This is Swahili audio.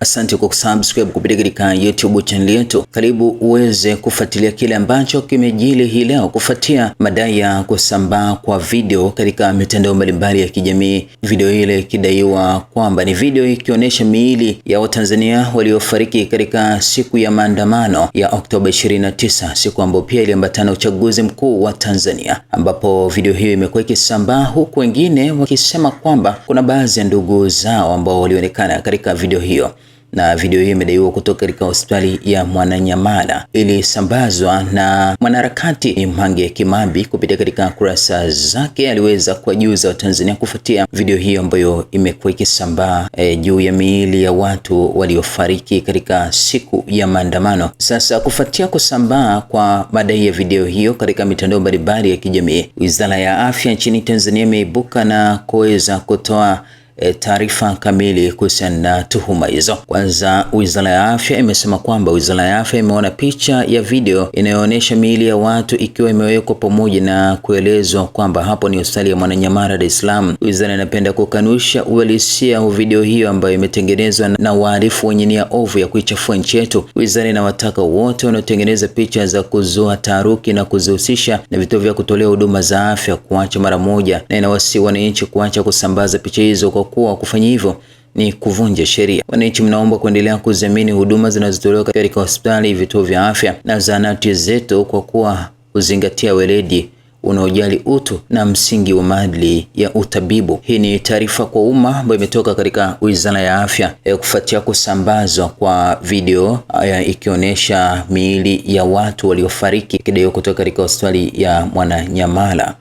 Asante kwa kusubscribe kupitia katika YouTube channel yetu. Karibu uweze kufuatilia kile ambacho kimejili hii leo kufuatia madai ya kusambaa kwa video katika mitandao mbalimbali ya kijamii, video ile ikidaiwa kwamba ni video ikionyesha miili ya Watanzania waliofariki katika siku ya maandamano ya Oktoba 29, siku ambayo pia iliambatana uchaguzi mkuu wa Tanzania, ambapo video hiyo imekuwa ikisambaa, huku wengine wakisema kwamba kuna baadhi ya ndugu zao ambao walionekana katika video hiyo na video hiyo imedaiwa kutoka katika hospitali ya Mwananyamala, ilisambazwa na mwanaharakati Mange Kimambi kupitia katika kurasa zake. Aliweza kuwajuza Watanzania kufuatia video hiyo ambayo imekuwa ikisambaa e, juu ya miili ya watu waliofariki katika siku ya maandamano. Sasa kufuatia kusambaa kwa madai ya video hiyo katika mitandao mbalimbali ya kijamii, Wizara ya Afya nchini Tanzania imeibuka na kuweza kutoa e, taarifa kamili kuhusiana na tuhuma hizo. Kwanza, Wizara ya Afya imesema kwamba Wizara ya Afya imeona picha ya video inayoonyesha miili ya watu ikiwa imewekwa pamoja na kuelezwa kwamba hapo ni hospitali ya Mwananyamala, Dar es Salaam. Wizara inapenda kukanusha uhalisia wa video hiyo ambayo imetengenezwa na wahalifu wenye nia ovu ya kuichafua nchi yetu. Wizara inawataka wote wanaotengeneza picha za kuzua taharuki na kuzihusisha na vituo vya kutolea huduma za afya kuacha mara moja, na inawasii wananchi kuacha kusambaza picha hizo kwa kuwa kufanya hivyo ni kuvunja sheria. Wananchi mnaomba kuendelea kudhamini huduma zinazotolewa katika hospitali, vituo vya afya na zahanati zetu kwa kuwa kuzingatia weledi unaojali utu na msingi wa maadili ya utabibu. Hii ni taarifa kwa umma ambayo imetoka katika Wizara ya Afya e, kufuatia kusambazwa kwa video e, ikionyesha miili ya watu waliofariki kidaiwa kutoka katika hospitali ya Mwananyamala.